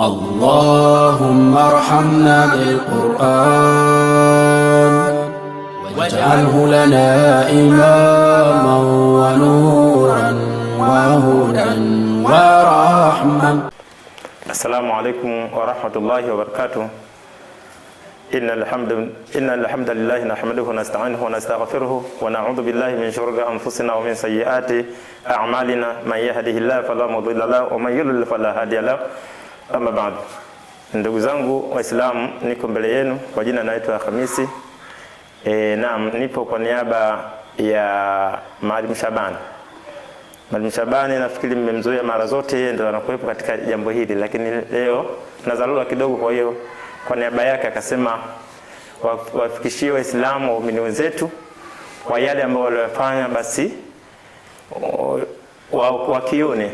اللهم ارحمنا بالقرآن واجعله لنا إماما ونورا وهدى ورحمة السلام عليكم ورحمة الله وبركاته إن الحمد إن الحمد لله نحمده ونستعينه ونستغفره ونعوذ بالله من شرور أنفسنا ومن سيئات أعمالنا من يهده الله فلا مضل له ومن يضلل فلا هادي له Ama baad, ndugu zangu Waislamu, niko mbele yenu kwa jina naitwa Hamisi. E, naam, nipo kwa niaba ya Maalim Shabani. Maalim Shabani nafikiri mmemzoea mara zote, ndio anakuwepo katika jambo hili, lakini leo nazalula kidogo, kwa hiyo kwa niaba yake akasema wafikishie Waislamu waumini wenzetu kwa yale ambayo waliyofanya, basi wakione wa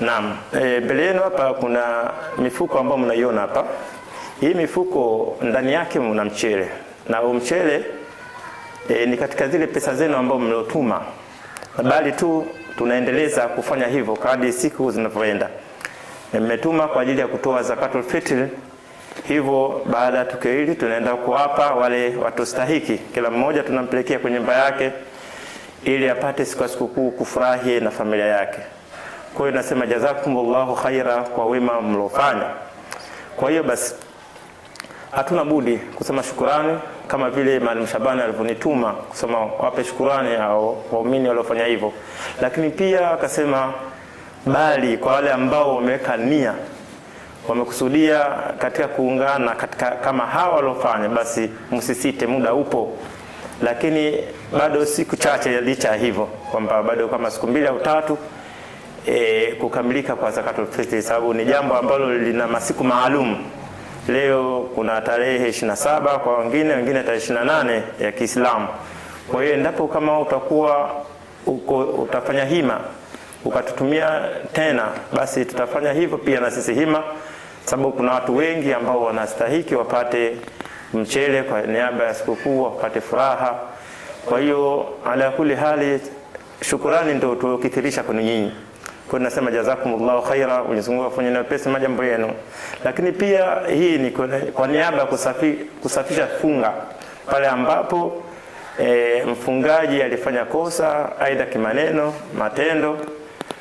Naam, Eh, mbele yenu hapa kuna mifuko ambayo mnaiona hapa. Hii mifuko ndani yake mna mchele na mchele e, ni katika zile pesa zenu ambazo mliotuma, bali tu tunaendeleza kufanya hivyo kadri siku zinavyoenda. Mmetuma kwa ajili ya kutoa zakatul fitr, hivyo baada ya tukio hili tunaenda kuwapa wale watu stahiki, kila mmoja tunampelekea kwenye nyumba yake ili apate siku ya sikukuu kufurahi na familia yake. Kwa hiyo nasema jazakumullahu khaira kwa wema mlofanya. Kwa hiyo basi hatuna budi kusema shukurani kama vile Maalim Shabani alivyonituma kusema wape shukurani hao waumini waliofanya hivyo, lakini pia akasema bali kwa wale ambao wameweka nia, wamekusudia katika kuungana katika kama hawa waliofanya, basi msisite, muda upo. Lakini bado siku chache, licha ya hivyo kwamba bado kama siku mbili au tatu e, kukamilika kwa zakatul fitri, sababu ni jambo ambalo lina masiku maalum. Leo kuna tarehe 27 kwa wengine, wengine tarehe 28 ya Kiislamu. Kwa hiyo endapo kama utakuwa uko, utafanya hima ukatutumia tena, basi tutafanya hivyo pia na sisi hima, sababu kuna watu wengi ambao wanastahiki wapate mchele kwa niaba ya sikukuu, wapate furaha. Kwa hiyo ala kuli hali, shukurani ndio tuokithirisha kwenu nyinyi. Kwa nasema jazakumullahu khaira, Mwenyezi Mungu afanye na pesa majambo yenu. Lakini pia hii ni kwa niaba ya kusafi, kusafisha funga pale ambapo e, mfungaji alifanya kosa aidha kimaneno, matendo,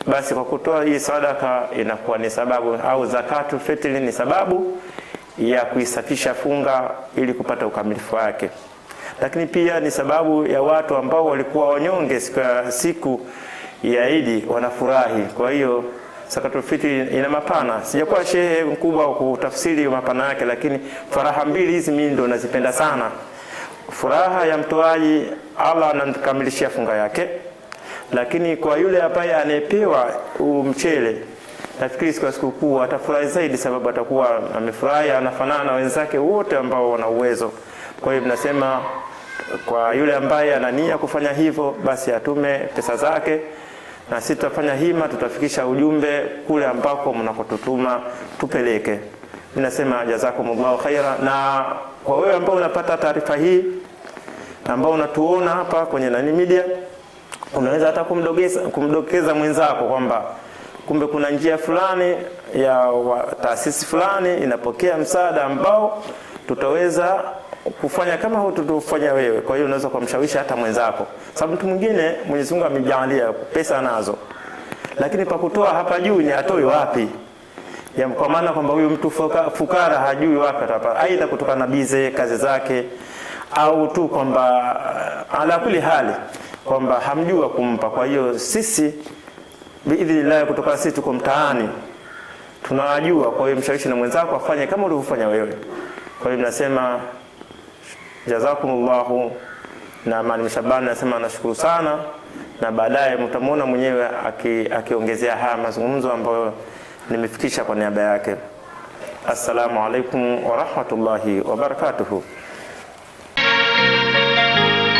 basi kwa kutoa hii sadaka inakuwa ni sababu au zakatu fitri ni sababu ya kuisafisha funga ili kupata ukamilifu wake. Lakini pia ni sababu ya watu ambao walikuwa wanyonge siku ya Idi wanafurahi. Kwa hiyo Zakatul Fitri ina mapana, sijakuwa shehe mkubwa wa kutafsiri mapana yake, lakini faraha mbili hizi mimi ndo nazipenda sana. Furaha ya mtoaji, Allah anamkamilishia funga yake, lakini kwa yule ambaye anayepewa mchele nafikiri siku ya sikukuu atafurahi zaidi, sababu atakuwa amefurahi, anafanana na wenzake wote ambao wana uwezo. Kwa hiyo tunasema kwa yule ambaye anania kufanya hivyo, basi atume pesa zake, na sisi tutafanya hima, tutafikisha ujumbe kule ambako mnakotutuma tupeleke. Ninasema jazakumullahu khaira. Na kwa wewe ambao unapata taarifa hii, ambao unatuona hapa kwenye Nani Media, unaweza hata kumdokeza mwenzako kwamba kumbe kuna njia fulani ya taasisi fulani inapokea msaada ambao tutaweza kufanya kama huu tutufanya wewe. Kwa hiyo unaweza kumshawishi hata mwenzako, sababu mtu mwingine Mwenyezi Mungu amejalia pesa nazo, lakini pa kutoa hapa juu ni atoi wapi? Ya, kwa maana kwamba huyu mtu fuka, fukara hajui wapi atapa, aidha kutokana na bize kazi zake au tu kwamba uh, ala kuli hali kwamba hamjua kumpa. Kwa hiyo sisi biidhnillah, kutoka sisi tuko mtaani tunawajua. Kwa hiyo mshawishi na mwenzako afanye kama ulivyofanya wewe. Kwa hiyo mnasema jazakumullahu. Na Maalim Shabani anasema anashukuru sana, na baadaye mtamwona mwenyewe akiongezea aki haya mazungumzo ambayo nimefikisha kwa niaba yake. Assalamu alaikum warahmatullahi wabarakatuhu.